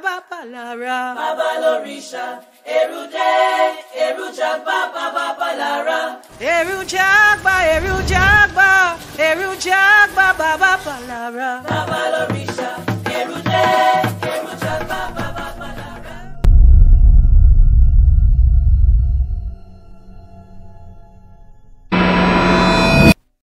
bàbá Palara, bàbá Lorisha, èrújẹ Erujagba, bàbá Palara, Erujagba, Erujagba, Erujagba, bàbá Palara. bàbá